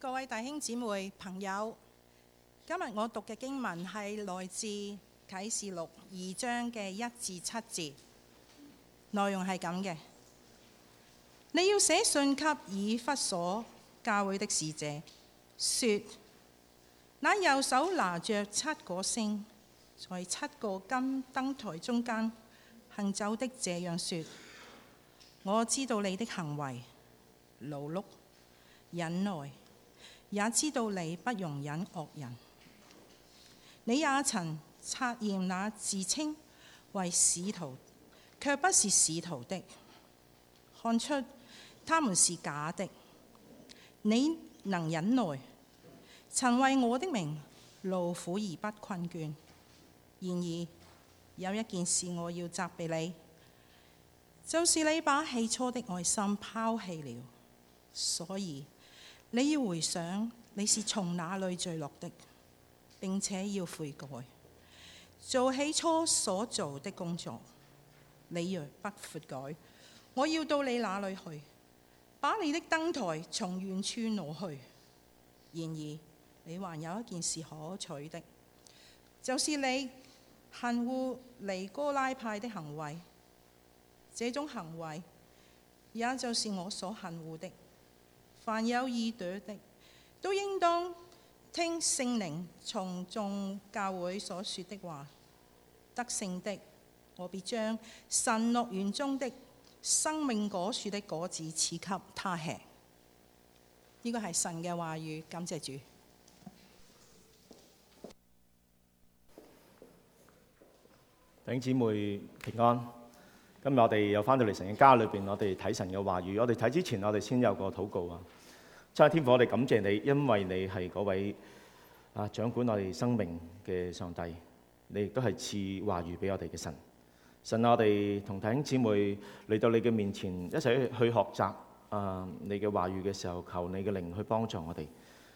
各位弟兄姊妹、朋友，今日我讀嘅經文係來自啟示錄二章嘅一至七節，內容係咁嘅。你要寫信給以弗所教會的使者，說：「那右手拿着七個星，在七個金燈台中間行走的這樣說，我知道你的行為，勞碌、忍耐。也知道你不容忍惡人，你也曾察驗那自稱為使徒卻不是使徒的，看出他們是假的。你能忍耐，曾為我的名勞苦而不困倦。然而有一件事我要責備你，就是你把起初的愛心拋棄了，所以，你要回想你是從哪裏墜落的，並且要悔改，做起初所做的工作。你若不悔改，我要到你那裏去，把你的燈台從遠處挪去。然而，你還有一件事可取的，就是你恨惡尼哥拉派的行為，這種行為也就是我所恨惡的。凡有耳朵的，都應當聽聖靈從眾教會所說的話。得勝的，我必將神樂園中的生命果樹的果子賜給他吃。呢、這個係神嘅話語，感謝主。弟姊妹平安。今日我哋又翻到嚟神嘅家裏邊，我哋睇神嘅話語。我哋睇之前，我哋先有個禱告啊！真係天父，我哋感謝你，因為你係嗰位啊掌管我哋生命嘅上帝，你亦都係賜話語俾我哋嘅神。神、啊，我哋同弟兄姊妹嚟到你嘅面前一齊去學習啊！你嘅話語嘅時候，求你嘅靈去幫助我哋，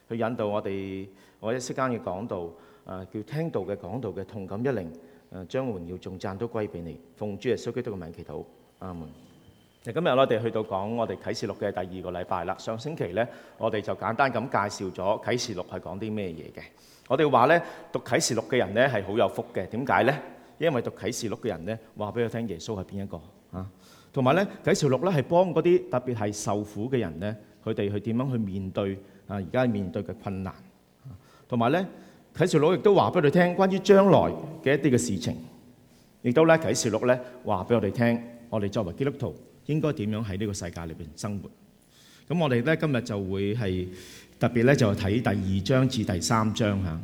去引導我哋我一息間嘅講道、啊、叫聽道嘅講道嘅同感一靈。誒將榮耀仲讚都歸俾你，奉主耶穌基督嘅名祈禱，阿門。誒，今日我哋去到講我哋啟示錄嘅第二個禮拜啦。上星期咧，我哋就簡單咁介紹咗啟示錄係講啲咩嘢嘅。我哋話咧，讀啟示錄嘅人咧係好有福嘅。點解咧？因為讀啟示錄嘅人咧，話俾佢聽耶穌係邊一個啊？同埋咧，啟示錄咧係幫嗰啲特別係受苦嘅人咧，佢哋去點樣去面對啊？而家面對嘅困難，同埋咧。啟示錄亦都話俾我哋聽，關於將來嘅一啲嘅事情，亦都咧啟示錄咧話俾我哋聽，我哋作為基督徒應該點樣喺呢個世界裏邊生活。咁我哋咧今日就會係特別咧就睇第二章至第三章吓。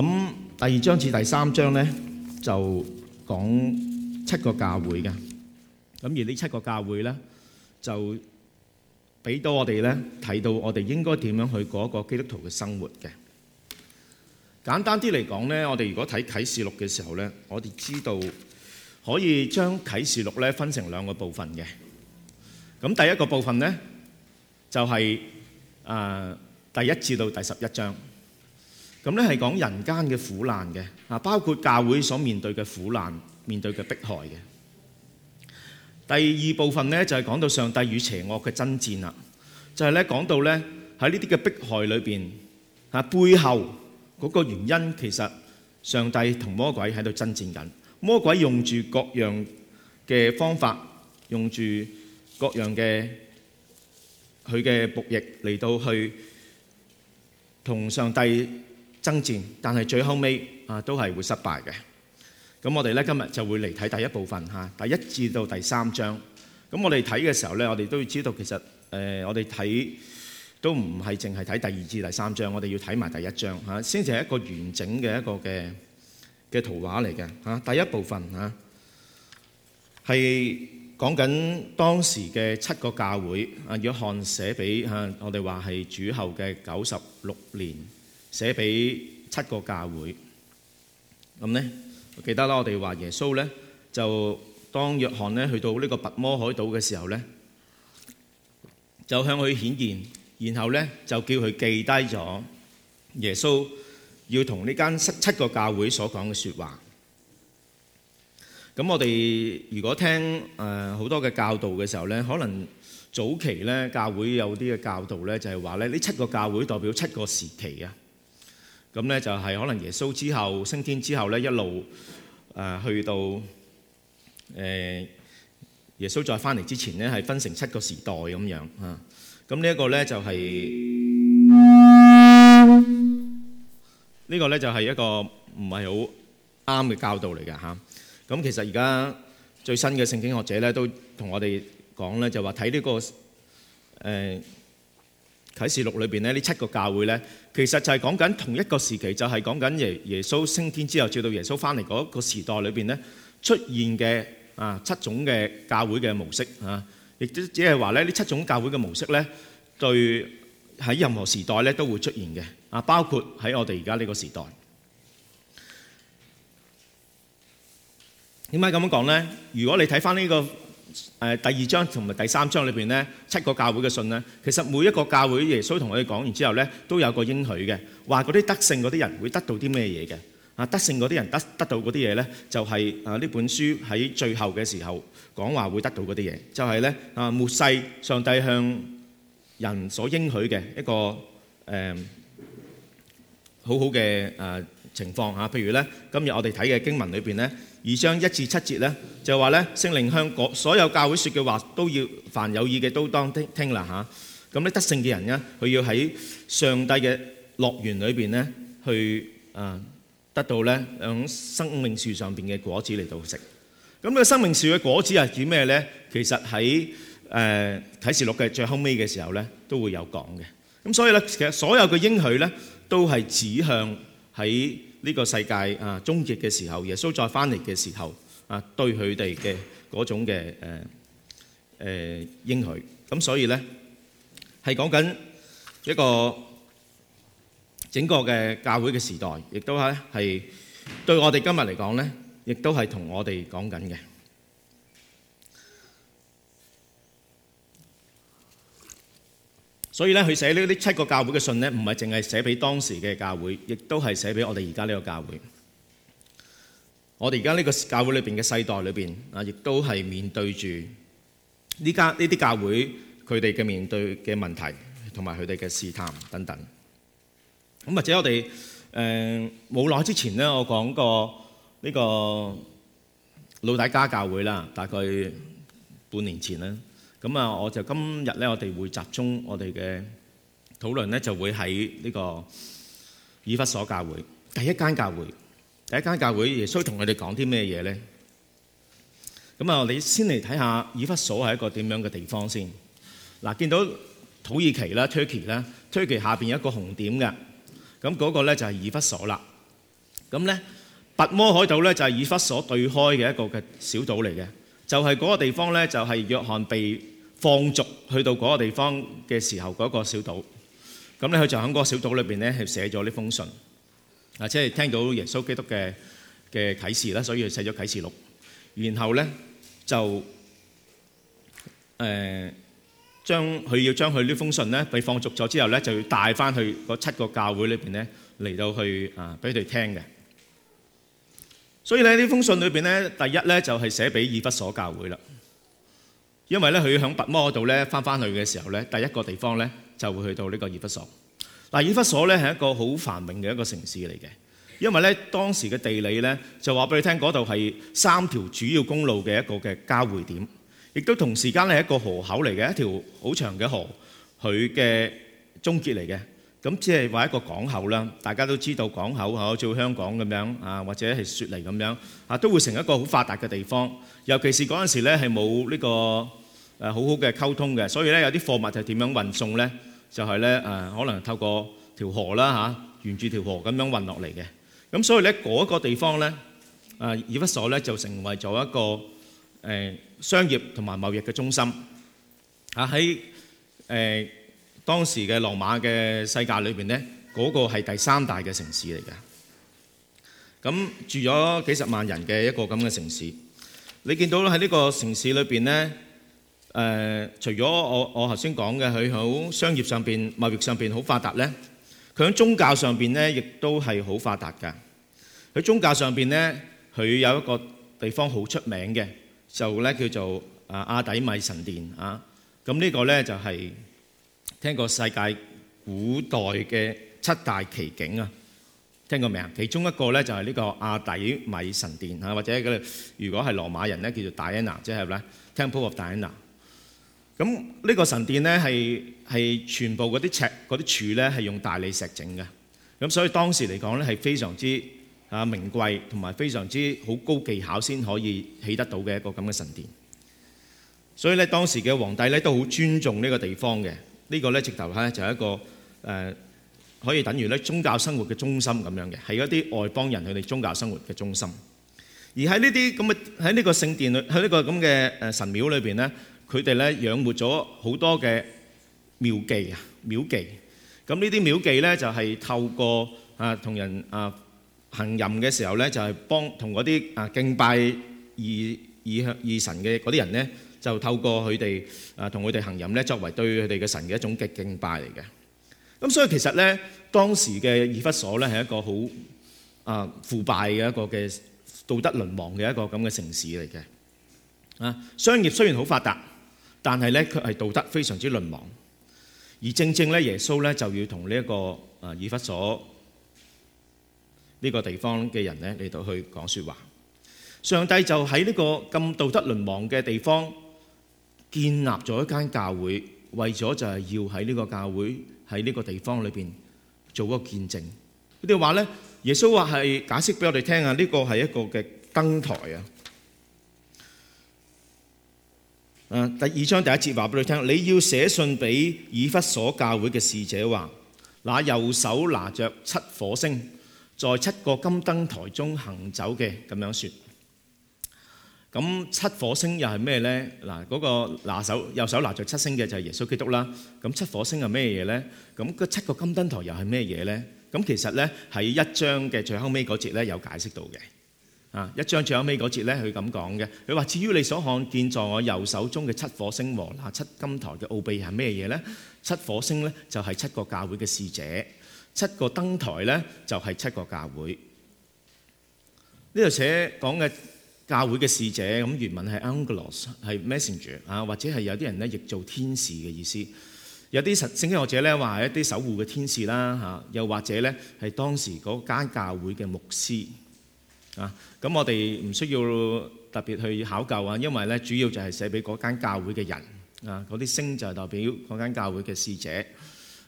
咁第二章至第三章咧就講七個教會嘅。咁而呢七個教會咧就俾到我哋咧睇到我哋應該點樣去過一個基督徒嘅生活嘅。簡單啲嚟講咧，我哋如果睇啟示錄嘅時候咧，我哋知道可以將啟示錄咧分成兩個部分嘅。咁第一個部分咧就係啊第一至到第十一章，咁咧係講人間嘅苦難嘅啊，包括教會所面對嘅苦難、面對嘅迫害嘅。第二部分咧就係講到上帝與邪惡嘅爭戰啦，就係咧講到咧喺呢啲嘅迫害裏邊啊背後。嗰個原因其實上帝同魔鬼喺度爭戰緊，魔鬼用住各樣嘅方法，用住各樣嘅佢嘅僕役嚟到去同上帝爭戰，但係最後尾啊都係會失敗嘅。咁我哋咧今日就會嚟睇第一部分嚇，第一至到第三章。咁我哋睇嘅時候咧，我哋都要知道其實誒我哋睇。都唔係淨係睇第二至第三章，我哋要睇埋第一章吓，先至係一個完整嘅一個嘅嘅圖畫嚟嘅吓。第一部分吓係講緊當時嘅七個教會啊。約翰寫俾吓，我哋話係主後嘅九十六年寫俾七個教會。咁咧記得啦，我哋話耶穌咧就當約翰咧去到呢個拔摩海島嘅時候咧，就向佢顯現。然後咧就叫佢記低咗耶穌要同呢間七個教會所講嘅説話。咁我哋如果聽誒好多嘅教導嘅時候咧，可能早期咧教會有啲嘅教導咧就係話咧呢七個教會代表七個時期啊。咁咧就係可能耶穌之後升天之後咧一路誒、呃、去到誒、呃、耶穌再翻嚟之前咧係分成七個時代咁樣啊。咁呢，就係呢個咧就係、一個咧就係呢個咧就係一個唔係好啱嘅教導嚟嘅嚇。咁、啊、其實而家最新嘅聖經學者咧都同我哋講咧就話睇、呢個呃、呢個誒啟示錄裏邊咧呢七個教會咧，其實就係講緊同一個時期，就係講緊耶耶穌升天之後，直到耶穌翻嚟嗰個時代裏邊咧出現嘅啊七種嘅教會嘅模式啊。亦都只係話咧，呢七種教會嘅模式咧，對喺任何時代咧都會出現嘅啊，包括喺我哋而家呢個時代。點解咁樣講咧？如果你睇翻呢個誒第二章同埋第三章裏邊咧，七個教會嘅信咧，其實每一個教會耶穌同佢講完之後咧，都有個應許嘅，話嗰啲得勝嗰啲人會得到啲咩嘢嘅。啊！得勝嗰啲人得得到嗰啲嘢咧，就係啊呢本書喺最後嘅時候講話，會得到嗰啲嘢，就係咧啊末世上帝向人所應許嘅一個誒好好嘅啊情況吓。譬如咧，今日我哋睇嘅經文裏邊咧，二章一至七節咧，就話咧聖靈向各所有教會説嘅話都要凡有意嘅都當聽聽啦吓。咁咧得勝嘅人啊，佢要喺上帝嘅樂園裏邊咧去啊～得到咧，喺生命樹上邊嘅果子嚟到食。咁呢個生命樹嘅果子係指咩咧？其實喺誒啟示錄嘅最後尾嘅時候咧，都會有講嘅。咁所以咧，其實所有嘅應許咧，都係指向喺呢個世界啊終極嘅時候，耶穌再翻嚟嘅時候啊，對佢哋嘅嗰種嘅誒誒應許。咁所以咧，係講緊一個。整個嘅教會嘅時代，亦都咧係對我哋今日嚟講呢，亦都係同我哋講緊嘅。所以呢，佢寫呢啲七個教會嘅信呢，唔係淨係寫俾當時嘅教會，亦都係寫俾我哋而家呢個教會。我哋而家呢個教會裏邊嘅世代裏邊啊，亦都係面對住呢家呢啲教會佢哋嘅面對嘅問題，同埋佢哋嘅試探等等。咁或者我哋誒冇耐之前咧，我講過呢個老底加教會啦，大概半年前啦。咁啊，我就今日咧，我哋會集中我哋嘅討論咧，就會喺呢個以弗所教會第一間教會。第一間教會也跟們說什麼呢？亦需同佢哋講啲咩嘢咧？咁啊，你先嚟睇下以弗所係一個點樣嘅地方先嗱。看見到土耳其啦 Turkey 咧，Turkey 下邊有一個紅點嘅。咁嗰個咧就係以弗所啦。咁咧，拔摩海島咧就係以弗所對開嘅一個嘅小島嚟嘅，就係嗰個地方咧就係約翰被放逐去到嗰個地方嘅時候嗰個小島。咁咧佢就喺嗰個小島裏邊咧係寫咗呢封信，啊，即係聽到耶穌基督嘅嘅啟示啦，所以佢寫咗啟示錄。然後咧就誒。將佢要將佢呢封信咧，被放逐咗之後咧，就要帶翻去嗰七個教會裏邊咧，嚟到去啊，俾佢哋聽嘅。所以咧，呢封信裏邊咧，第一咧就係寫俾以弗所教會啦。因為咧，佢響拔摩嗰度咧，翻翻去嘅時候咧，第一個地方咧就會去到呢個以弗所。嗱，以弗所咧係一個好繁榮嘅一個城市嚟嘅，因為咧當時嘅地理咧就話俾你聽，嗰度係三條主要公路嘅一個嘅交匯點。亦都同時間咧係一個河口嚟嘅，一條好長嘅河，佢嘅終結嚟嘅。咁即係話一個港口啦，大家都知道港口嗬，好似香港咁樣啊，或者係雪梨咁樣啊，都會成一個好發達嘅地方。尤其是嗰陣時咧係冇呢個誒好好嘅溝通嘅，所以咧有啲貨物就點樣運送咧？就係咧誒，可能透過條河啦嚇，沿住條河咁樣運落嚟嘅。咁所以咧嗰個地方咧，誒以弗所咧就成為咗一個誒。商業同埋貿易嘅中心，嚇喺誒當時嘅羅馬嘅世界裏邊咧，嗰個係第三大嘅城市嚟嘅。咁住咗幾十萬人嘅一個咁嘅城市，你見到喺呢個城市裏邊咧，誒、呃，除咗我我頭先講嘅佢好商業上邊貿易上邊好發達咧，佢喺宗教上邊咧亦都係好發達㗎。喺宗教上邊咧，佢有一個地方好出名嘅。就咧叫做阿底米神殿啊，咁呢個咧就係聽過世界古代嘅七大奇景啊，聽過未啊？其中一個咧就係呢個阿底米神殿，或者如果係羅馬人咧叫做大埃 a 即係咪？Temple of Diana。咁呢個神殿咧係全部嗰啲尺啲柱咧係用大理石整嘅，咁所以當時嚟講咧係非常之。啊！名貴同埋非常之好高技巧，先可以起得到嘅一個咁嘅神殿。所以咧，當時嘅皇帝咧都好尊重呢個地方嘅呢個咧，直頭咧就係一個誒可以等於咧宗教生活嘅中心咁樣嘅，係一啲外邦人佢哋宗教生活嘅中心。而喺呢啲咁嘅喺呢個聖殿裏，喺呢個咁嘅誒神廟裏邊咧，佢哋咧養活咗好多嘅廟妓啊廟妓。咁呢啲廟妓咧就係透過啊同人啊。行淫嘅時候咧，就係幫同嗰啲啊敬拜二二二神嘅嗰啲人咧，就透過佢哋啊同佢哋行淫咧，作為對佢哋嘅神嘅一種嘅敬拜嚟嘅。咁所以其實咧，當時嘅以弗所咧係一個好啊腐敗嘅一個嘅道德淪亡嘅一個咁嘅城市嚟嘅。啊，商業雖然好發達，但係咧佢係道德非常之淪亡。而正正咧，耶穌咧就要同呢一個啊以弗所。呢、這個地方嘅人呢，嚟到去講説話，上帝就喺呢個咁道德淪亡嘅地方建立咗一間教會，為咗就係要喺呢個教會喺呢個地方裏邊做個見證。佢哋話呢，耶穌話係解釋俾我哋聽啊，呢個係一個嘅燈台啊。第二章第一節話俾你聽，你要寫信俾以弗所教會嘅使者話，嗱，右手拿着七火星。在七個金燈台中行走嘅咁樣説，咁七火星又係咩咧？嗱，嗰個拿手右手拿著七星嘅就係耶穌基督啦。咁七火星係咩嘢咧？咁個七個金燈台又係咩嘢咧？咁其實咧喺一章嘅最後尾嗰節咧有解釋到嘅。啊，一章最後尾嗰節咧佢咁講嘅，佢話至於你所看見在我右手中嘅七火星和七金台嘅奧秘係咩嘢咧？七火星咧就係七個教會嘅使者。七個燈台咧，就係、是、七個教會。呢度寫講嘅教會嘅使者，咁原文係 Anglos 係 Messenger 啊，或者係有啲人咧亦做天使嘅意思。有啲神聖經學者咧話一啲守護嘅天使啦嚇，又或者咧係當時嗰間教會嘅牧師啊。咁我哋唔需要特別去考究啊，因為咧主要就係寫俾嗰間教會嘅人啊，嗰啲星就係代表嗰間教會嘅使者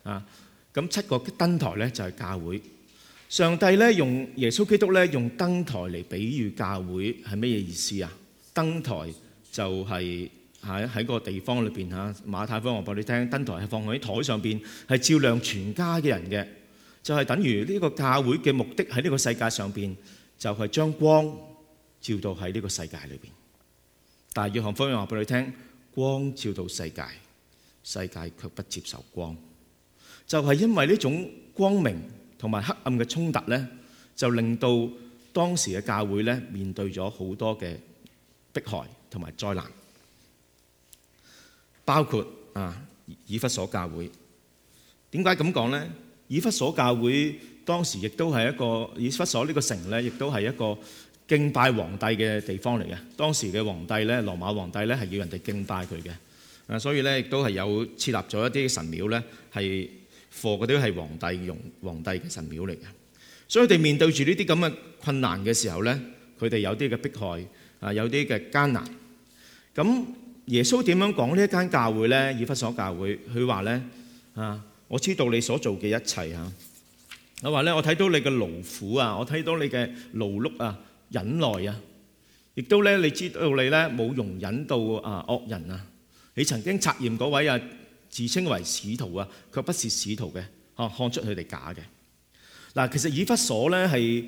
啊。咁七個燈台咧就係教會，上帝咧用耶穌基督咧用燈台嚟比喻教會係咩嘢意思啊？燈台就係喺喺個地方裏邊嚇，馬太福音話俾你聽，燈台係放喺台上邊，係照亮全家嘅人嘅，就係等於呢個教會嘅目的喺呢個世界上邊，就係將光照到喺呢個世界裏邊。但係約翰福音話俾你聽，光照到世界，世界卻不接受光。就係因為呢種光明同埋黑暗嘅衝突咧，就令到當時嘅教會咧面對咗好多嘅迫害同埋災難，包括啊以弗所教會。點解咁講咧？以弗所教會當時亦都係一個以弗所呢個城咧，亦都係一個敬拜皇帝嘅地方嚟嘅。當時嘅皇帝咧，羅馬皇帝咧，係要人哋敬拜佢嘅。啊，所以咧亦都係有設立咗一啲神廟咧，係。佛嗰啲係皇帝用皇帝嘅神廟嚟嘅。所以佢哋面對住呢啲咁嘅困難嘅時候咧，佢哋有啲嘅迫害啊，有啲嘅艱難。咁耶穌點樣講呢一間教會咧？以弗所教會，佢話咧啊，我知道你所做嘅一切啊，佢話咧，我睇到你嘅勞苦啊，我睇到你嘅勞碌啊，忍耐啊，亦都咧，你知道你咧冇容忍到啊惡人啊，你曾經查驗嗰位啊。自稱為使徒啊，卻不是使徒嘅，嚇看出佢哋假嘅嗱。其實以弗所咧係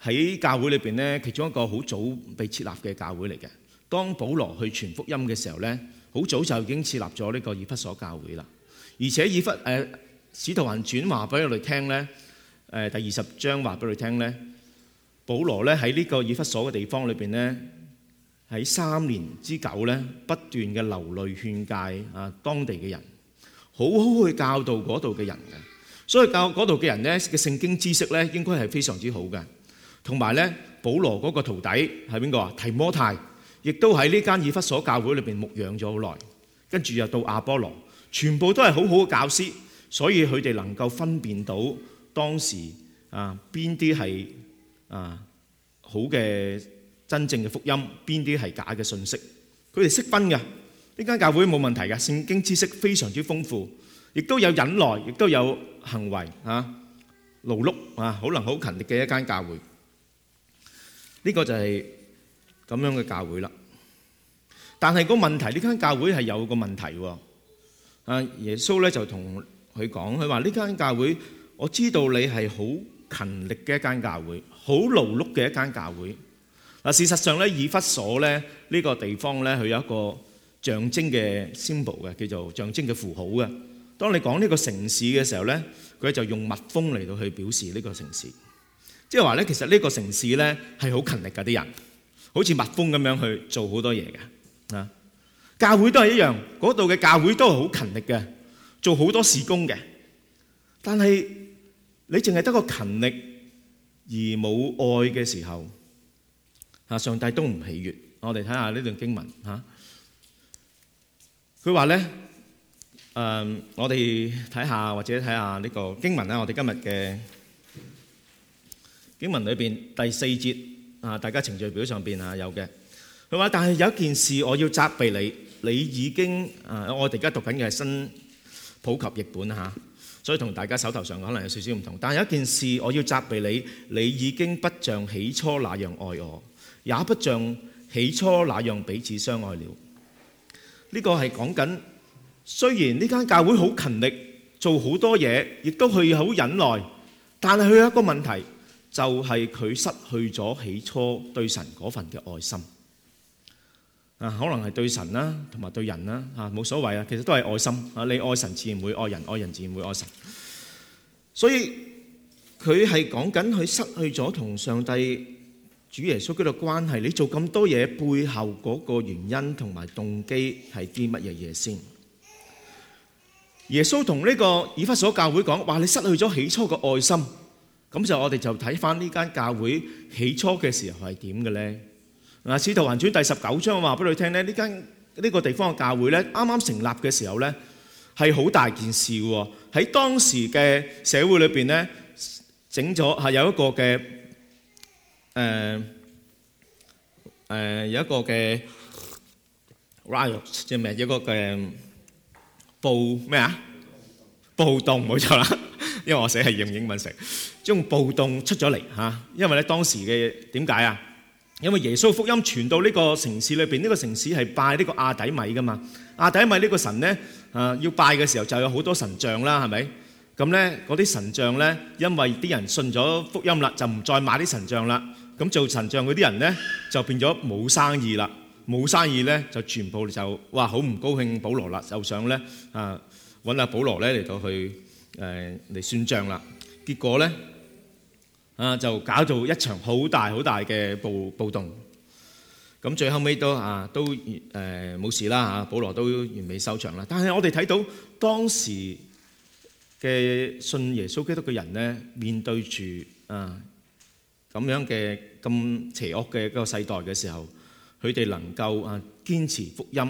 喺教會裏邊咧，其中一個好早被設立嘅教會嚟嘅。當保羅去傳福音嘅時候咧，好早就已經設立咗呢個以弗所教會啦。而且以弗誒、呃、使徒行傳話俾我哋聽咧，誒第二十章話俾佢哋聽咧，保羅咧喺呢個以弗所嘅地方裏邊咧，喺三年之久咧不斷嘅流淚勸戒啊當地嘅人。好好去教導嗰度嘅人嘅，所以教嗰度嘅人咧嘅聖經知識咧應該係非常之好嘅，同埋咧保羅嗰個徒弟係邊個啊？提摩太，亦都喺呢間以弗所教會裏邊牧養咗好耐，跟住又到亞波羅，全部都係好好嘅教師，所以佢哋能夠分辨到當時啊邊啲係啊好嘅真正嘅福音，邊啲係假嘅信息，佢哋識分嘅。呢間教會冇問題嘅，聖經知識非常之豐富，亦都有忍耐，亦都有行為啊，勞碌啊，可能好勤力嘅一間教會。呢、這個就係咁樣嘅教會啦。但係個問題，呢間教會係有一個問題喎。啊，耶穌咧就同佢講，佢話呢間教會，我知道你係好勤力嘅一間教會，好勞碌嘅一間教會。嗱、啊，事實上咧，以弗所咧呢、這個地方咧，佢有一個。象徵嘅 symbol 嘅叫做象徵嘅符號嘅。當你講呢個城市嘅時候咧，佢就用蜜蜂嚟到去表示呢個城市，即係話咧，其實呢個城市咧係好勤力嘅啲人，好似蜜蜂咁樣去做好多嘢嘅啊。教會都係一樣，嗰度嘅教會都係好勤力嘅，做好多事工嘅。但係你淨係得個勤力而冇愛嘅時候，啊，上帝都唔喜悅。我哋睇下呢段經文嚇。佢話咧，誒、嗯，我哋睇下或者睇下呢個經文咧。我哋今日嘅經文裏邊第四節啊，大家程序表上邊啊有嘅。佢話：但係有一件事我要責備你，你已經啊，我哋而家讀緊嘅係新普及譯本吓，所以同大家手頭上可能有少少唔同。但係有一件事我要責備你，你已經不像起初那樣愛我，也不像起初那樣彼此相愛了。呢個係講緊，雖然呢間教會好勤力，做好多嘢，亦都佢好忍耐，但係佢有一個問題就係佢失去咗起初對神嗰份嘅愛心。啊，可能係對神啦，同埋對人啦，啊，冇所謂啊，其實都係愛心啊。你愛神自然會愛人，愛人自然會愛神。所以佢係講緊佢失去咗同上帝。主耶穌嗰個關係，你做咁多嘢背後嗰個原因同埋動機係啲乜嘢嘢先？耶穌同呢個以弗所教會講話，你失去咗起初嘅愛心，咁就我哋就睇翻呢間教會起初嘅時候係點嘅咧？嗱，《使徒行傳》第十九章話俾你聽咧，呢間呢個地方嘅教會咧，啱啱成立嘅時候咧，係好大件事喎。喺當時嘅社會裏邊咧，整咗係有一個嘅，誒誒有一個嘅 riot 即係咩？一個嘅暴咩啊？暴動冇錯啦，因為我寫係用英文寫。將暴動出咗嚟嚇，因為咧當時嘅點解啊？因為耶穌福音傳到呢個城市裏邊，呢個城市係拜呢個亞底米噶嘛。亞底米呢個神咧啊，要拜嘅時候就有好多神像啦，係咪？咁咧嗰啲神像咧，因為啲人信咗福音啦，就唔再買啲神像啦。咁做神像嗰啲人咧，就變咗冇生意啦。冇生意咧，就全部就哇好唔高興。保羅啦，就想咧啊，揾阿保羅咧嚟到去誒嚟算帳啦。結果咧啊，就搞到一場好大好大嘅暴暴動。咁最後尾都啊都誒冇事啦嚇，保羅都完美收場啦。但係我哋睇到當時嘅信耶穌基督嘅人咧，面對住啊～咁樣嘅咁邪惡嘅一個世代嘅時候，佢哋能夠啊堅持福音，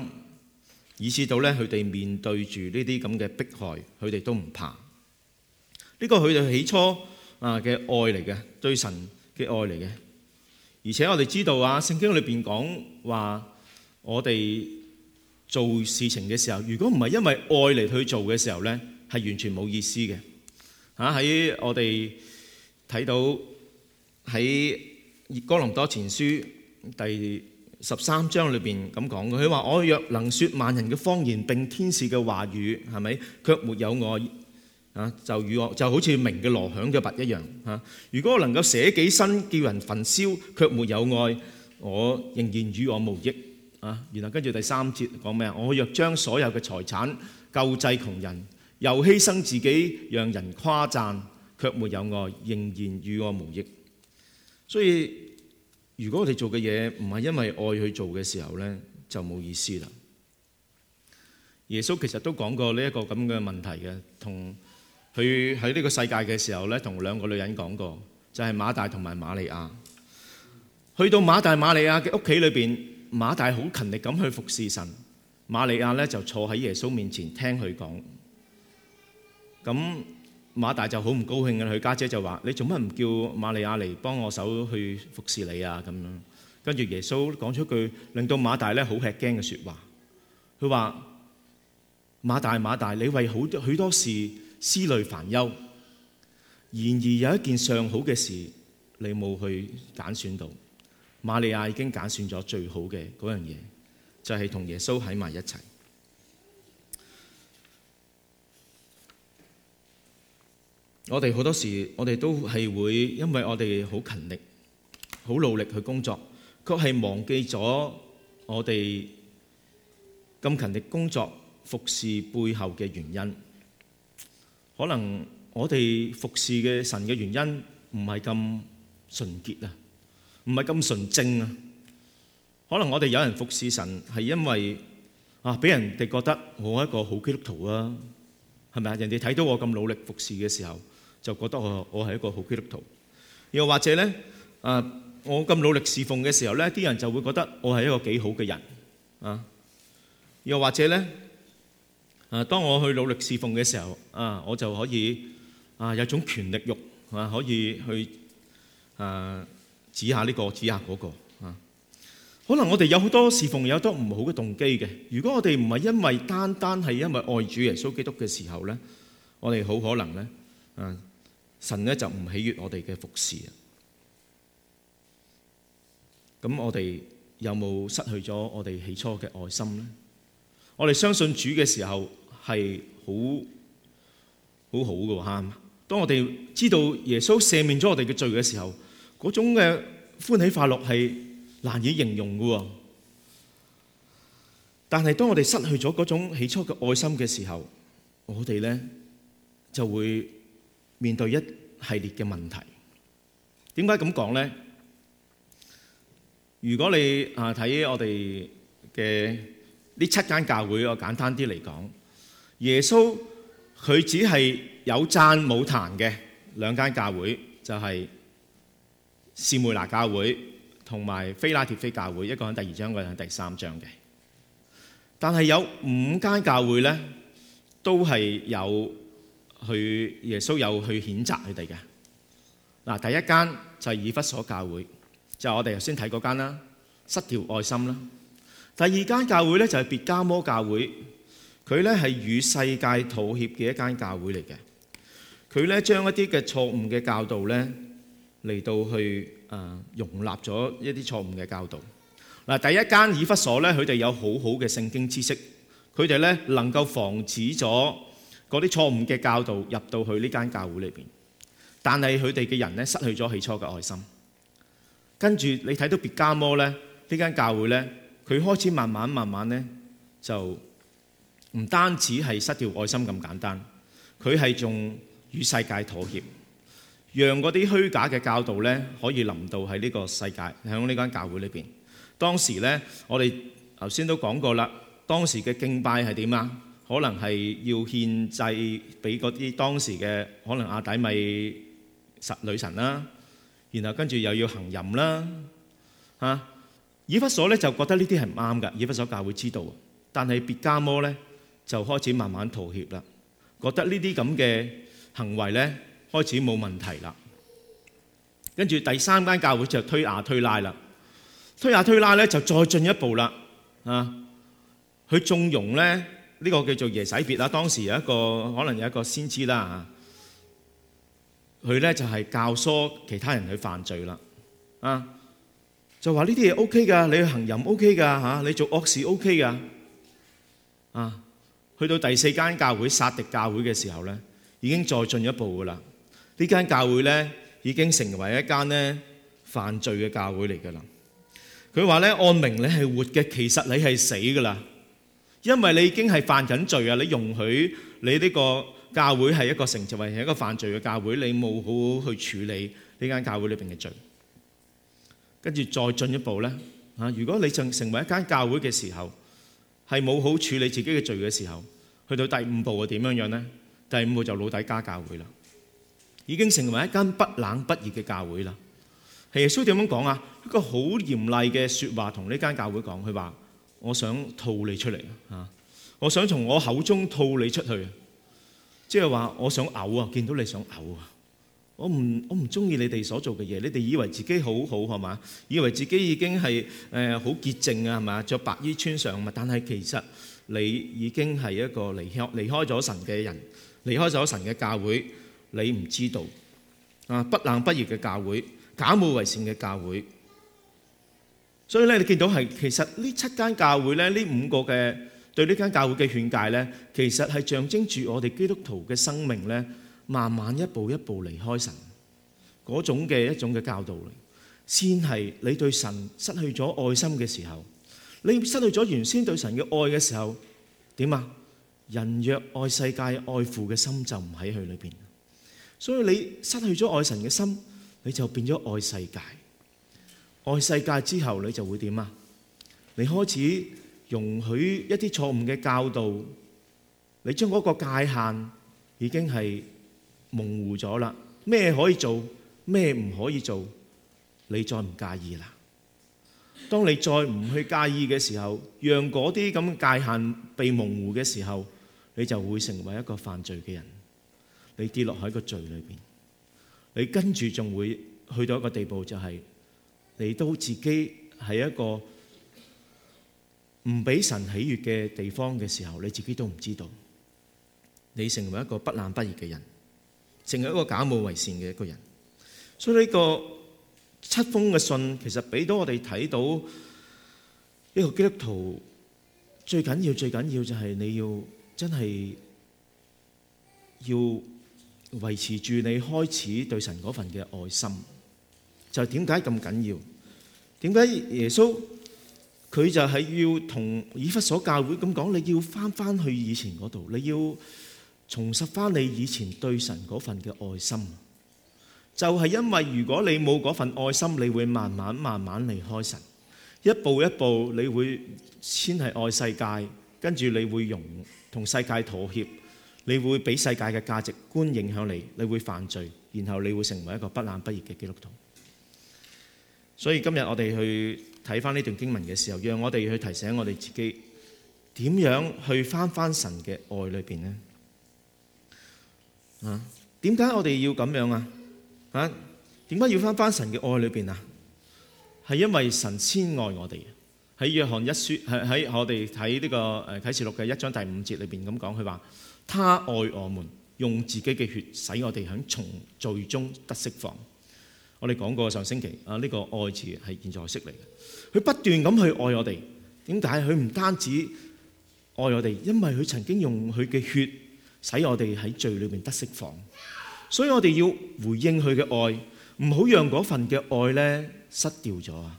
以至到咧佢哋面對住呢啲咁嘅迫害，佢哋都唔怕。呢個佢哋起初啊嘅愛嚟嘅，對神嘅愛嚟嘅。而且我哋知道啊，聖經裏邊講話，我哋做事情嘅時候，如果唔係因為愛嚟去做嘅時候咧，係完全冇意思嘅。啊，喺我哋睇到。喺《哥林多前書》第十三章裏邊咁講嘅，佢話：我若能說萬人嘅方言並天使嘅話語，係咪？卻沒有愛啊，就與我就好似鳴嘅鑼響嘅鈸一樣啊。如果我能夠捨己身叫人焚燒，卻沒有愛，我仍然與我無益啊。然後跟住第三節講咩啊？我若將所有嘅財產救濟窮人，又犧牲自己讓人誇讚，卻沒有愛，仍然與我無益。所以如果我哋做嘅嘢唔係因為愛去做嘅時候咧，就冇意思啦。耶穌其實都講過呢一個咁嘅問題嘅，同佢喺呢個世界嘅時候咧，同兩個女人講過，就係馬大同埋馬利亞。去到馬大馬利亞嘅屋企裏邊，馬大好勤力咁去服侍神，馬利亞咧就坐喺耶穌面前聽佢講。咁馬大就好唔高興嘅，佢家姐就話：你做乜唔叫瑪利亞嚟幫我手去服侍你啊？咁樣，跟住耶穌講出句令到馬大咧好吃驚嘅說話，佢話：馬大馬大，你為好多許多事思慮煩憂，然而有一件尚好嘅事，你冇去揀選到，瑪利亞已經揀選咗最好嘅嗰樣嘢，就係同耶穌喺埋一齊。我哋好多時，我哋都係會因為我哋好勤力、好努力去工作，卻係忘記咗我哋咁勤力工作服侍背後嘅原因。可能我哋服侍嘅神嘅原因唔係咁純潔啊，唔係咁純正啊。可能我哋有人服侍神係因為啊，俾人哋覺得我一個好基督徒啊，係咪啊？人哋睇到我咁努力服侍嘅時候。就覺得我我係一個好基督徒，又或者咧啊，我咁努力侍奉嘅時候咧，啲人就會覺得我係一個幾好嘅人啊。又或者咧啊，當我去努力侍奉嘅時候啊，我就可以啊有種權力慾啊，可以去啊指下呢個，指下嗰個啊。可能我哋有好多侍奉，有好多唔好嘅動機嘅。如果我哋唔係因為單單係因為愛主耶穌基督嘅時候咧，我哋好可能咧啊。神咧就唔喜悅我哋嘅服侍啊！咁我哋有冇失去咗我哋起初嘅愛心呢？我哋相信主嘅時候係好好好嘅吓。當我哋知道耶穌赦免咗我哋嘅罪嘅時候，嗰種嘅歡喜快樂係難以形容嘅。但係當我哋失去咗嗰種起初嘅愛心嘅時候，我哋咧就會。面對一系列嘅問題，點解咁講呢？如果你啊睇我哋嘅呢七間教會，我簡單啲嚟講，耶穌佢只係有贊冇彈嘅兩間教會，就係士每拿教會同埋菲拉鐵菲教會，一個喺第二章，一個喺第三章嘅。但係有五間教會呢，都係有。去耶穌有去譴責佢哋嘅嗱，第一間就係以弗所教會，就我哋頭先睇嗰間啦，失掉愛心啦。第二間教會咧就係別加摩教會，佢咧係與世界妥協嘅一間教會嚟嘅。佢咧將一啲嘅錯誤嘅教導咧嚟到去啊，容納咗一啲錯誤嘅教導。嗱，第一間以弗所咧，佢哋有好好嘅聖經知識，佢哋咧能夠防止咗。嗰啲錯誤嘅教導入到去呢間教會裏邊，但係佢哋嘅人咧失去咗起初嘅愛心。跟住你睇到別迦摩咧呢間教會咧，佢開始慢慢慢慢咧就唔單止係失掉愛心咁簡單，佢係仲與世界妥協，讓嗰啲虛假嘅教導咧可以臨到喺呢個世界，響呢間教會裏邊。當時咧我哋頭先都講過啦，當時嘅敬拜係點啊？可能係要獻祭俾嗰啲當時嘅可能亞底米女神啦，然後跟住又要行淫啦嚇。以、啊、弗所咧就覺得呢啲係唔啱㗎。以弗所教會知道，但係別迦摩咧就開始慢慢妥協啦，覺得呢啲咁嘅行為咧開始冇問題啦。跟住第三間教會就推雅推喇啦，推雅推喇咧就再進一步啦啊，去縱容咧。呢、這個叫做耶洗別啦，當時有一個可能有一個先知啦嚇，佢、啊、咧就係、是、教唆其他人去犯罪啦，啊，就話呢啲嘢 OK 㗎，你去行淫 OK 㗎嚇、啊，你做惡事 OK 㗎，啊，去到第四間教會撒狄教會嘅時候咧，已經再進一步㗎啦，呢間教會咧已經成為一間咧犯罪嘅教會嚟㗎啦，佢話咧按名你係活嘅，其實你係死㗎啦。因為你已經係犯緊罪啊！你容許你呢個教會係一個成就為係一個犯罪嘅教會，你冇好好去處理呢間教會裏邊嘅罪。跟住再進一步咧，如果你成為一間教會嘅時候，係冇好處理自己嘅罪嘅時候，去到第五步啊，點樣樣咧？第五步就老底嘉教會啦，已經成為一間不冷不熱嘅教會啦。耶穌點樣講啊？一個好嚴厲嘅說話同呢間教會講，佢話我想吐你出嚟啊！我想從我口中吐你出去，即係話我想嘔啊！見到你想嘔啊！我唔我唔中意你哋所做嘅嘢，你哋以為自己好好係嘛？以為自己已經係誒好潔淨啊係嘛？着白衣穿上咪？但係其實你已經係一個離開離開咗神嘅人，離開咗神嘅教會，你唔知道啊！不冷不熱嘅教會，假冒為善嘅教會。所以咧，你見到係其實呢七間教會咧，呢五個嘅對呢間教會嘅勸戒咧，其實係象徵住我哋基督徒嘅生命咧，慢慢一步一步離開神嗰種嘅一種嘅教導嚟。先係你對神失去咗愛心嘅時候，你失去咗原先對神嘅愛嘅時候，點啊？人若愛世界，愛父嘅心就唔喺佢裏邊。所以你失去咗愛神嘅心，你就變咗愛世界。愛世界之後你就會點啊？你開始容許一啲錯誤嘅教導，你將嗰個界限已經係模糊咗啦。咩可以做，咩唔可以做，你再唔介意啦。當你再唔去介意嘅時候，讓嗰啲咁嘅界限被模糊嘅時候，你就會成為一個犯罪嘅人。你跌落喺個罪裏邊，你跟住仲會去到一個地步，就是，就係。你都自己係一個唔俾神喜悅嘅地方嘅時候，你自己都唔知道，你成為一個不冷不熱嘅人，成為一個假冒為善嘅一個人。所以呢個七封嘅信，其實俾到我哋睇到呢個基督徒最緊要，最緊要就係你要真係要維持住你開始對神嗰份嘅愛心。就點解咁緊要？點解耶穌佢就係要同以弗所教會咁講？你要翻翻去以前嗰度，你要重拾翻你以前對神嗰份嘅愛心。就係因為如果你冇嗰份愛心，你會慢慢慢慢離開神，一步一步，你會先係愛世界，跟住你會容同世界妥協，你會俾世界嘅價值觀影響你，你會犯罪，然後你會成為一個不冷不熱嘅基督徒。所以今日我哋去睇翻呢段經文嘅時候，讓我哋去提醒我哋自己，點樣去翻翻神嘅愛裏邊咧？啊，點解我哋要咁樣啊？啊，點解要翻翻神嘅愛裏邊啊？係因為神先愛我哋。喺約翰一書喺喺我哋喺呢個啟示錄嘅一章第五節裏邊咁講，佢話，他愛我們，用自己嘅血使我哋喺從罪中得釋放。我哋講過上星期啊，呢、這個愛字係現在式嚟嘅。佢不斷咁去愛我哋，點解佢唔單止愛我哋？因為佢曾經用佢嘅血使我哋喺罪裏面得釋放，所以我哋要回應佢嘅愛，唔好讓嗰份嘅愛咧失掉咗啊！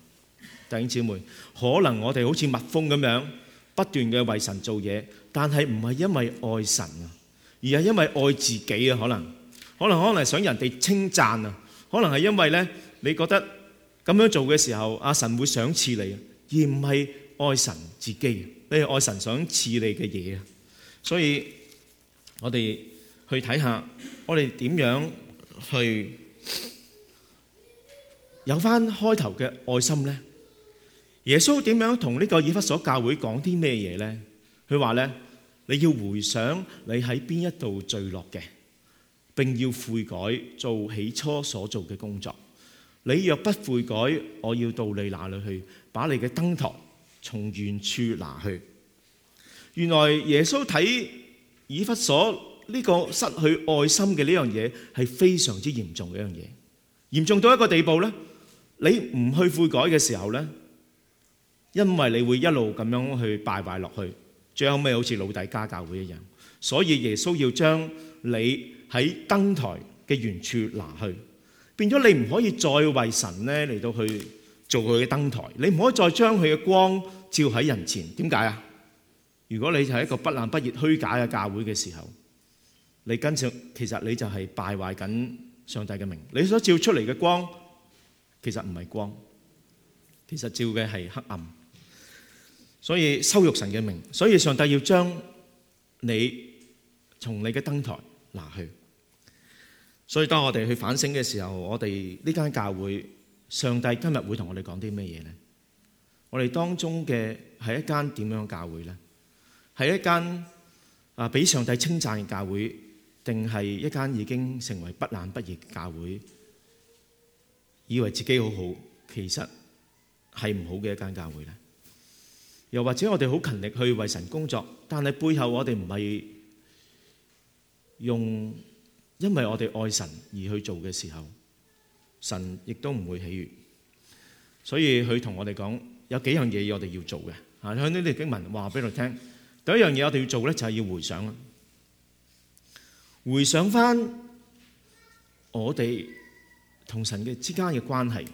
弟兄姊妹，可能我哋好似蜜蜂咁樣不斷嘅為神做嘢，但係唔係因為愛神啊，而係因為愛自己啊。可能可能可能想人哋稱讚啊。可能係因為咧，你覺得咁樣做嘅時候，阿神會想賜你，而唔係愛神自己，而係愛神想賜你嘅嘢啊。所以，我哋去睇下，我哋點樣去有返開頭嘅愛心咧？耶穌點樣同呢個以弗所教會講啲咩嘢咧？佢話咧，你要回想你喺邊一度墜落嘅。並要悔改，做起初所做嘅工作。你若不悔改，我要到你那裏去，把你嘅燈台從原處拿去。原來耶穌睇以弗所呢個失去愛心嘅呢樣嘢係非常之嚴重嘅一樣嘢，嚴重到一個地步咧。你唔去悔改嘅時候咧，因為你會一路咁樣去敗壞落去，最後尾好似老底加教會一樣。所以耶穌要將你，喺燈台嘅原處拿去，變咗你唔可以再為神咧嚟到去做佢嘅燈台，你唔可以再將佢嘅光照喺人前。點解啊？如果你就係一個不冷不熱虛假嘅教會嘅時候，你跟住其實你就係敗壞緊上帝嘅名。你所照出嚟嘅光，其實唔係光，其實照嘅係黑暗。所以羞辱神嘅名，所以上帝要將你從你嘅燈台，拿去。所以當我哋去反省嘅時候，我哋呢間教會，上帝今日會同我哋講啲咩嘢呢？我哋當中嘅係一間點樣嘅教會呢？係一間啊，俾上帝稱讚嘅教會，定係一間已經成為不冷不熱嘅教會，以為自己好好，其實係唔好嘅一間教會呢？又或者我哋好勤力去為神工作，但係背後我哋唔係。用，因為我哋愛神而去做嘅時候，神亦都唔會喜悅。所以佢同我哋講，有幾樣嘢我哋要做嘅。啊，向呢啲經文話俾佢聽。第一樣嘢我哋要做咧就係要回想啦，回想翻我哋同神嘅之間嘅關係，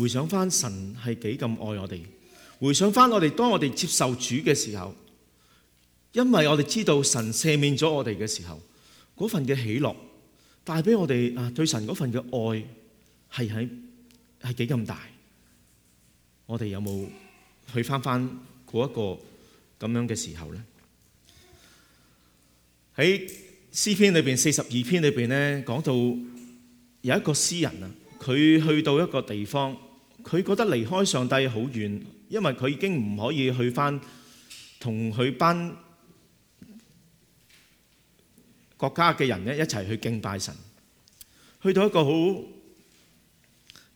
回想翻神係幾咁愛我哋，回想翻我哋當我哋接受主嘅時候。因為我哋知道神赦免咗我哋嘅時候，嗰份嘅喜樂帶俾我哋啊，對神嗰份嘅愛係喺係幾咁大？我哋有冇去翻翻嗰一個咁樣嘅時候咧？喺詩篇裏邊四十二篇裏邊咧，講到有一個詩人啊，佢去到一個地方，佢覺得離開上帝好遠，因為佢已經唔可以去翻同佢班國家嘅人呢，一齊去敬拜神，去到一個好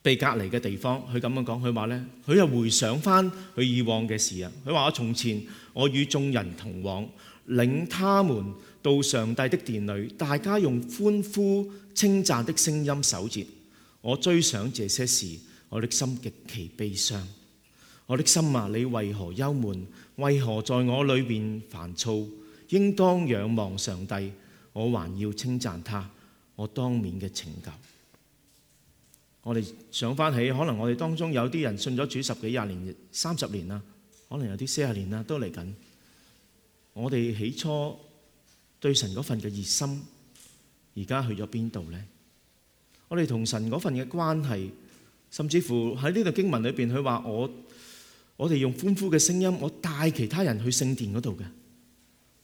被隔離嘅地方。佢咁樣講，佢話呢，佢又回想返佢以往嘅事啊。佢話：我從前我與眾人同往，領他們到上帝的殿裏，大家用歡呼稱讚的聲音守節。我追想這些事，我的心極其悲傷。我的心啊，你為何憂悶？為何在我裏邊煩躁？應當仰望上帝。我還要稱讚他，我當面嘅拯救。我哋想翻起，可能我哋當中有啲人信咗主十幾廿年、三十年啦，可能有啲四十年啦，都嚟緊。我哋起初對神嗰份嘅熱心，而家去咗邊度呢？我哋同神嗰份嘅關係，甚至乎喺呢度經文裏面，佢話我，我哋用歡呼嘅聲音，我帶其他人去聖殿嗰度嘅。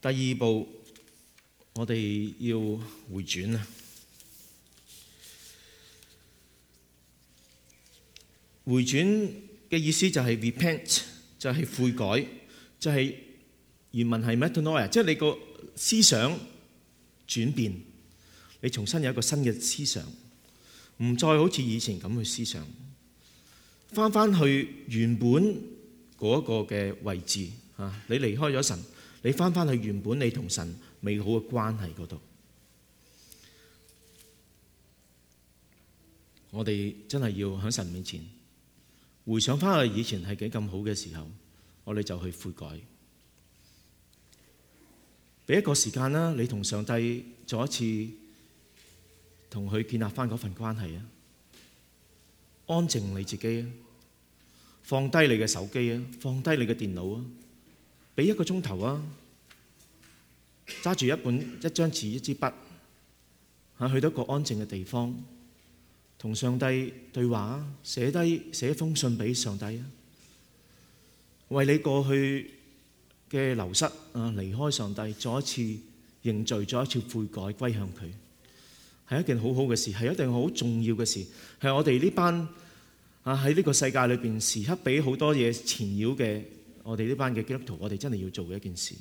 第二步，我哋要回轉啊！回轉嘅意思就係 repent，就係悔改，就係、係、原文係 metanoia，即係你個思想轉變，你重新有一個新嘅思想，唔再好似以前咁嘅思想，翻翻去原本個嘅位置啊！你離開咗神。你翻翻去原本你同神美好嘅關係嗰度，我哋真係要喺神面前回想翻去以前係幾咁好嘅時候，我哋就去悔改，俾一個時間啦，你同上帝再一次同佢建立翻嗰份關係啊！安靜你自己啊，放低你嘅手機啊，放低你嘅電腦啊！俾一個鐘頭啊！揸住一本一張紙一支筆嚇，去到一個安靜嘅地方，同上帝對話啊！寫低寫一封信俾上帝啊！為你過去嘅流失啊，離開上帝，再一次認罪，再一次悔改，歸向佢，係一件好好嘅事，係一件好重要嘅事，係我哋呢班啊喺呢個世界裏邊時刻俾好多嘢纏繞嘅。我哋呢班嘅基督徒，我哋真係要做嘅一件事，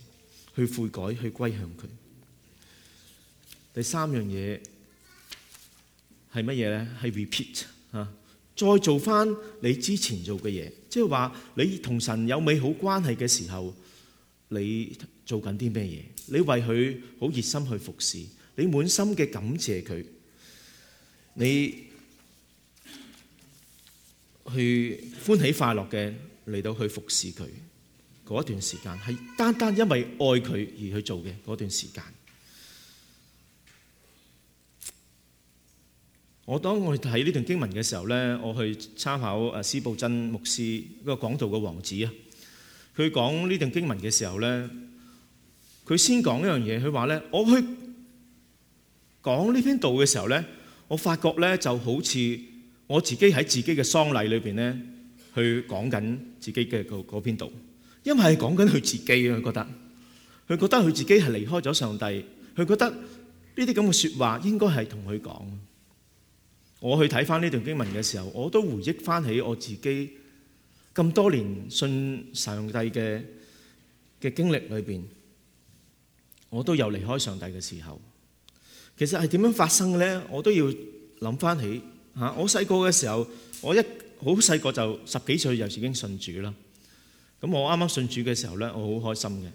去悔改，去歸向佢。第三樣嘢係乜嘢咧？係 repeat 啊！再做翻你之前做嘅嘢，即係話你同神有美好關係嘅時候，你做緊啲咩嘢？你為佢好熱心去服侍，你滿心嘅感謝佢，你去歡喜快樂嘅嚟到去服侍佢。嗰一段時間係單單因為愛佢而去做嘅嗰段時間。我當我睇呢段經文嘅時候咧，我去參考誒司布真牧師個講道嘅王子啊。佢講呢段經文嘅時候咧，佢先講一樣嘢，佢話咧，我去講呢篇道嘅時候咧，我發覺咧就好似我自己喺自己嘅喪禮裏邊咧去講緊自己嘅嗰嗰篇道。因為係講緊佢自己啊，佢覺得佢覺得佢自己係離開咗上帝，佢覺得呢啲咁嘅說話應該係同佢講。我去睇翻呢段經文嘅時候，我都回憶翻起我自己咁多年信上帝嘅嘅經歷裏邊，我都有離開上帝嘅時候。其實係點樣發生呢？咧？我都要諗翻起吓，我細個嘅時候，我一好細個就十幾歲，就已經信主啦。咁我啱啱信主嘅時候咧，我好開心嘅。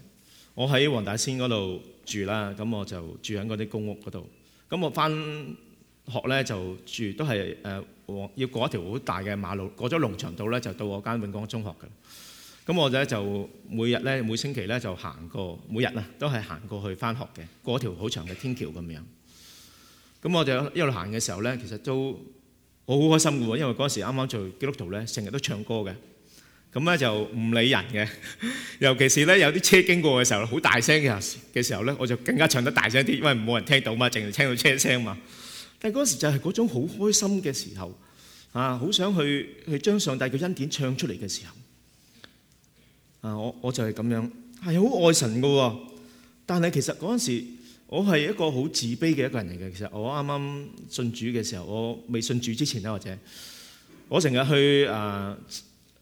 我喺黃大仙嗰度住啦，咁我就住喺嗰啲公屋嗰度。咁我翻學咧就住都係誒、呃，要過一條好大嘅馬路，過咗龍翔道咧就到我間永光中學嘅。咁我咧就每日咧每星期咧就行過，每日啊都係行過去翻學嘅，過條好長嘅天橋咁樣。咁我就一路行嘅時候咧，其實都我好開心嘅喎，因為嗰時啱啱做基督徒咧，成日都唱歌嘅。咁咧就唔理人嘅，尤其是咧有啲車經過嘅時候，好大聲嘅時候咧，我就更加唱得大聲啲，因為唔冇人聽到嘛，淨係聽到車聲嘛。但係嗰時就係嗰種好開心嘅時候，啊，好想去去將上帝嘅恩典唱出嚟嘅時候，啊，我我就係咁樣，係好愛神㗎喎。但係其實嗰陣時，我係一個好自卑嘅一個人嚟嘅。其實我啱啱信主嘅時候，我未信主之前咧，或者我成日去啊。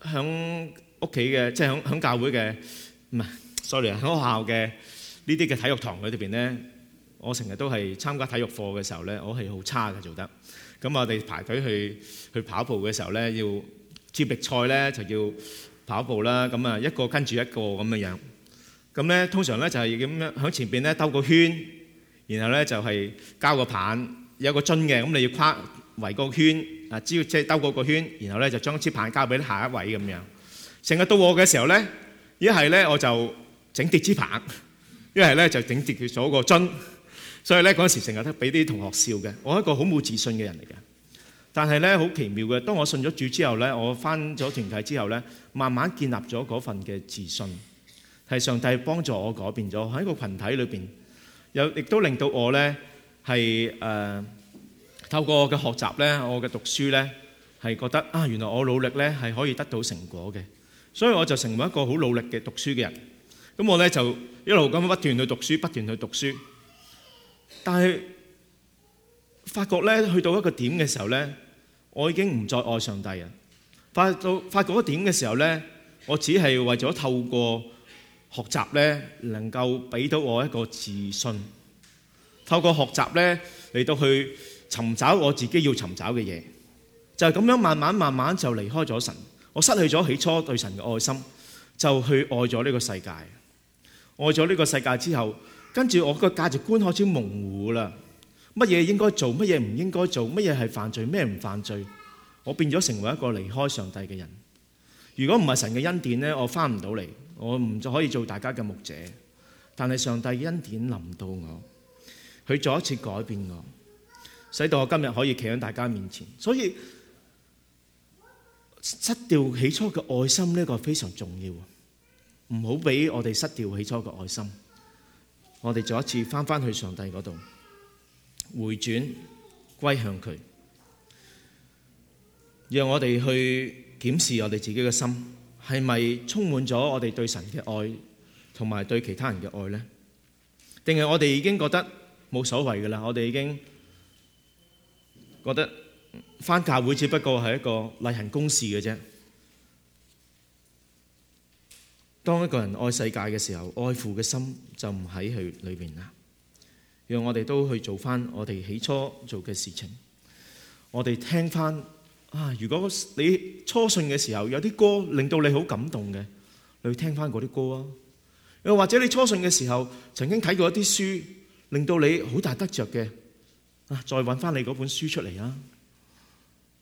喺屋企嘅，即係喺喺教會嘅，唔係，sorry，喺學校嘅呢啲嘅體育堂裏邊咧，我成日都係參加體育課嘅時候咧，我係好差嘅做得。咁我哋排隊去去跑步嘅時候咧，要接力賽咧就要跑步啦。咁啊一個跟住一個咁嘅樣。咁咧通常咧就係咁樣喺前邊咧兜個圈，然後咧就係交個棒，有個樽嘅，咁你要跨圍個圈，啊！只要即係兜過個圈，然後咧就將支棒交俾下一位咁樣，成日到我嘅時候咧，一係咧我就整跌支棒，一係咧就整跌佢咗個樽，所以咧嗰陣時成日都俾啲同學笑嘅。我係一個好冇自信嘅人嚟嘅，但係咧好奇妙嘅，當我信咗主之後咧，我翻咗團體之後咧，慢慢建立咗嗰份嘅自信，係上帝幫助我改變咗喺個羣體裏邊，又亦都令到我咧係誒。透過我嘅學習呢，我嘅讀書呢，係覺得啊，原來我努力呢係可以得到成果嘅，所以我就成為一個好努力嘅讀書嘅人。咁我呢，就一路咁不斷去讀書，不斷去讀書。但係發覺呢，去到一個點嘅時候呢，我已經唔再愛上帝喇。發到發覺一個點嘅時候呢，我只係為咗透過學習呢，能夠俾到我一個自信。透過學習呢，嚟到去。尋找我自己要尋找嘅嘢，就係、是、咁樣慢慢，慢慢慢慢就離開咗神。我失去咗起初對神嘅愛心，就去愛咗呢個世界。愛咗呢個世界之後，跟住我個價值觀開始模糊啦。乜嘢應該做，乜嘢唔應該做，乜嘢係犯罪，咩唔犯罪？我變咗成為一個離開上帝嘅人。如果唔係神嘅恩典呢，我翻唔到嚟，我唔可以做大家嘅牧者。但係上帝恩典臨到我，佢再一次改變我。使到我今日可以企喺大家面前，所以失掉起初嘅愛心呢個非常重要。唔好俾我哋失掉起初嘅愛心，我哋再一次翻返去上帝嗰度，回轉歸向佢，讓我哋去檢視我哋自己嘅心，係咪充滿咗我哋對神嘅愛，同埋對其他人嘅愛咧？定係我哋已經覺得冇所謂噶啦？我哋已經。覺得翻教會只不過係一個例行公事嘅啫。當一個人愛世界嘅時候，愛父嘅心就唔喺佢裏面啦。讓我哋都去做翻我哋起初做嘅事情我們。我哋聽翻啊，如果你初信嘅時候有啲歌令到你好感動嘅，你聽翻嗰啲歌啊。又或者你初信嘅時候曾經睇過一啲書，令到你好大得着嘅。啊！再揾翻你嗰本書出嚟啊！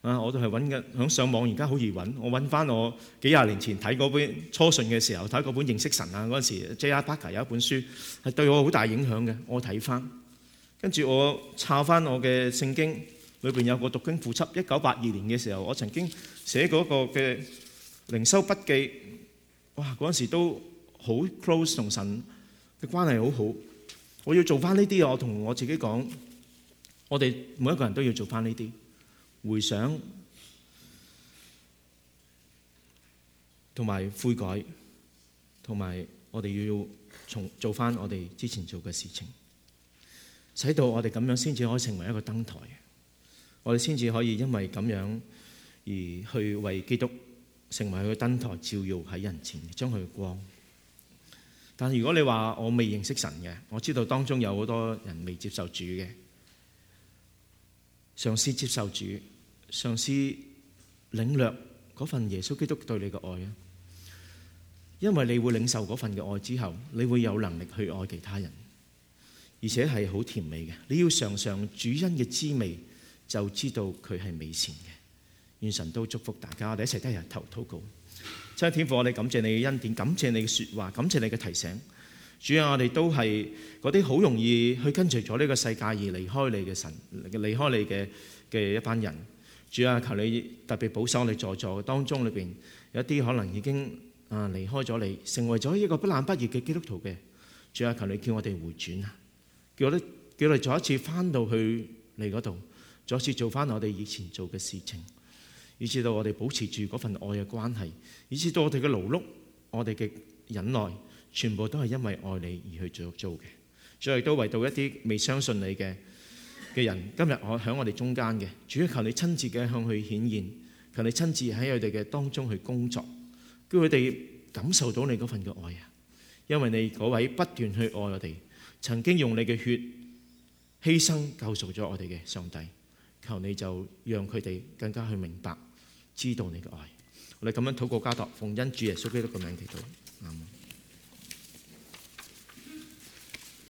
啊！我都係揾緊，響上網而家好易揾。我揾翻我幾廿年前睇嗰本初信嘅時候睇嗰本認識神啊嗰陣時，J. R. Packer 有一本書係對我好大影響嘅。我睇翻跟住我抄翻我嘅聖經裏邊有個讀經附輯，一九八二年嘅時候我曾經寫嗰個嘅靈修筆記。哇！嗰陣時都好 close 同神嘅關係，好好。我要做翻呢啲我同我自己講。我哋每一個人都要做翻呢啲回想，同埋悔改，同埋我哋要重做翻我哋之前做嘅事情，使到我哋噉樣先至可以成為一個燈台。我哋先至可以因為噉樣而去為基督成為佢燈台，照耀喺人前，將佢光。但如果你話我未認識神嘅，我知道當中有好多人未接受主嘅。嘗試接受主，嘗試領略嗰份耶穌基督對你嘅愛啊！因為你會領受嗰份嘅愛之後，你會有能力去愛其他人，而且係好甜美嘅。你要嘗嘗主恩嘅滋味，就知道佢係美善嘅。願神都祝福大家，我哋一齊嚟，低頭禱告。親天父，我哋感謝你嘅恩典，感謝你嘅說話，感謝你嘅提醒。主啊，我哋都係嗰啲好容易去跟隨咗呢個世界而離開你嘅神，離開你嘅嘅一班人。主啊，求你特別保守我哋在座嘅當中裏邊，有一啲可能已經啊離開咗你，成為咗一個不冷不熱嘅基督徒嘅。主啊，求你叫我哋回轉啊，叫我哋叫我哋再一次返到去你嗰度，再一次做返我哋以前做嘅事情，以至到我哋保持住嗰份愛嘅關係，以至到我哋嘅勞碌，我哋嘅忍耐。全部都係因為愛你而去做做嘅，所以都為到一啲未相信你嘅嘅人。今日我喺我哋中間嘅主，求你親自嘅向佢顯現，求你親自喺佢哋嘅當中去工作，叫佢哋感受到你嗰份嘅愛啊！因為你嗰位不斷去愛我哋，曾經用你嘅血犧牲救贖咗我哋嘅上帝。求你就讓佢哋更加去明白，知道你嘅愛。我哋咁樣禱告，交託奉恩主耶穌基督嘅名祈禱，阿門。